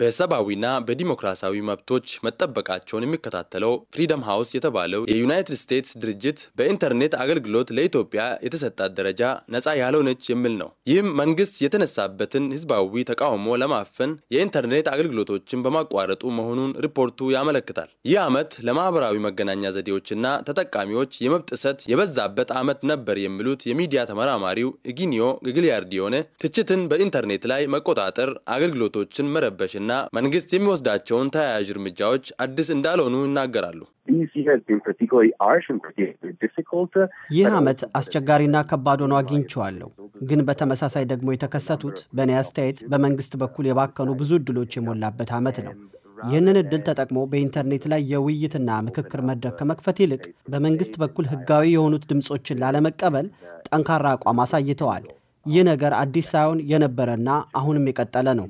በሰብአዊና በዲሞክራሲያዊ መብቶች መጠበቃቸውን የሚከታተለው ፍሪደም ሃውስ የተባለው የዩናይትድ ስቴትስ ድርጅት በኢንተርኔት አገልግሎት ለኢትዮጵያ የተሰጣት ደረጃ ነፃ ያልሆነች የሚል ነው። ይህም መንግስት የተነሳበትን ህዝባዊ ተቃውሞ ለማፈን የኢንተርኔት አገልግሎቶችን በማቋረጡ መሆኑን ሪፖርቱ ያመለክታል። ይህ ዓመት ለማህበራዊ መገናኛ ዘዴዎችና ተጠቃሚዎች የመብት ጥሰት የበዛበት ዓመት ነበር የሚሉት የሚዲያ ተመራማሪው ኢጊኒዮ የሆነ ትችትን በኢንተርኔት ላይ መቆጣጠር አገልግሎቶችን መረበሽ ና መንግስት የሚወስዳቸውን ተያያዥ እርምጃዎች አዲስ እንዳልሆኑ ይናገራሉ። ይህ ዓመት አስቸጋሪና ከባድ ሆኖ አግኝቼዋለሁ። ግን በተመሳሳይ ደግሞ የተከሰቱት በእኔ አስተያየት በመንግስት በኩል የባከኑ ብዙ እድሎች የሞላበት ዓመት ነው። ይህንን እድል ተጠቅሞ በኢንተርኔት ላይ የውይይትና ምክክር መድረክ ከመክፈት ይልቅ በመንግስት በኩል ህጋዊ የሆኑት ድምፆችን ላለመቀበል ጠንካራ አቋም አሳይተዋል። ይህ ነገር አዲስ ሳይሆን የነበረና አሁንም የቀጠለ ነው።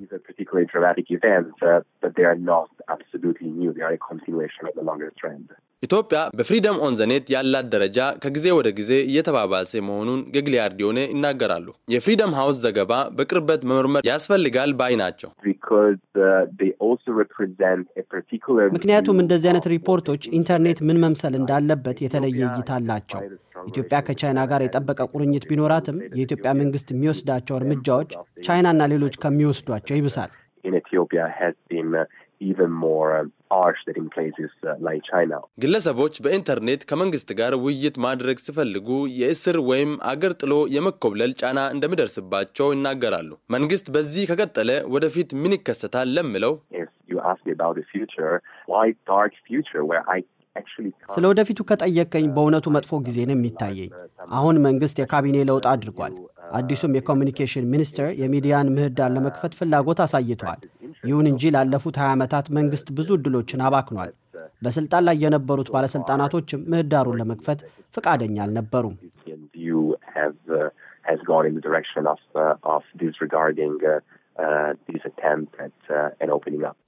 particularly dramatic events, uh, but they are not absolutely new. They are a continuation of the longer trend. ኢትዮጵያ በፍሪደም ኦን ዘኔት ያላት ደረጃ ከጊዜ ወደ ጊዜ እየተባባሰ መሆኑን ገግሊያርዲዮኔ ይናገራሉ። የፍሪደም ሀውስ ዘገባ በቅርበት መመርመር ያስፈልጋል ባይ ናቸው። uh, ምክንያቱም እንደዚህ አይነት ሪፖርቶች ኢንተርኔት ምን መምሰል እንዳለበት የተለየ እይታ አላቸው። ኢትዮጵያ ከቻይና ጋር የጠበቀ ቁርኝት ቢኖራትም የኢትዮጵያ መንግስት የሚወስዳቸው እርምጃዎች ቻይናና ሌሎች ከሚወስዷቸው ይብሳል። ኢትዮጵያ has uh, um, uh, ግለሰቦች በኢንተርኔት ከመንግስት ጋር ውይይት ማድረግ ሲፈልጉ የእስር ወይም አገር ጥሎ የመኮብለል ጫና እንደሚደርስባቸው ይናገራሉ። መንግስት በዚህ ከቀጠለ ወደፊት ምን ይከሰታል ለምለው ስለ ወደፊቱ ከጠየቀኝ በእውነቱ መጥፎ ጊዜ ነው የሚታየኝ። አሁን መንግስት የካቢኔ ለውጥ አድርጓል። አዲሱም የኮሚኒኬሽን ሚኒስትር የሚዲያን ምህዳር ለመክፈት ፍላጎት አሳይተዋል። ይሁን እንጂ ላለፉት 20 ዓመታት መንግስት ብዙ ዕድሎችን አባክኗል። በስልጣን ላይ የነበሩት ባለስልጣናቶችም ምህዳሩን ለመክፈት ፈቃደኛ አልነበሩም። Uh, uh,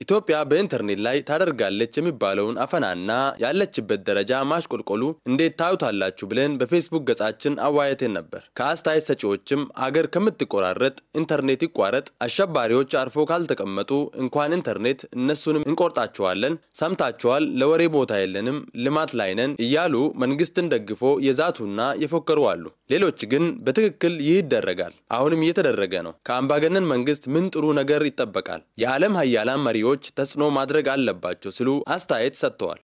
ኢትዮጵያ በኢንተርኔት ላይ ታደርጋለች የሚባለውን አፈናና ያለችበት ደረጃ ማሽቆልቆሉ እንዴት ታዩታላችሁ ብለን በፌስቡክ ገጻችን አዋየትን ነበር። ከአስተያየት ሰጪዎችም አገር ከምትቆራረጥ ኢንተርኔት ይቋረጥ፣ አሸባሪዎች አርፎ ካልተቀመጡ እንኳን ኢንተርኔት እነሱንም እንቆርጣቸዋለን፣ ሰምታችኋል፣ ለወሬ ቦታ የለንም፣ ልማት ላይ ነን እያሉ መንግስትን ደግፎ የዛቱና የፎከሩ አሉ። ሌሎች ግን በትክክል ይህ ይደረጋል፣ አሁንም እየተደረገ ነው ከአምባገነን መንግስት ምን ጥሩ ነገር ይጠበቃል? የዓለም ሀያላን መሪዎች ተጽዕኖ ማድረግ አለባቸው ሲሉ አስተያየት ሰጥተዋል።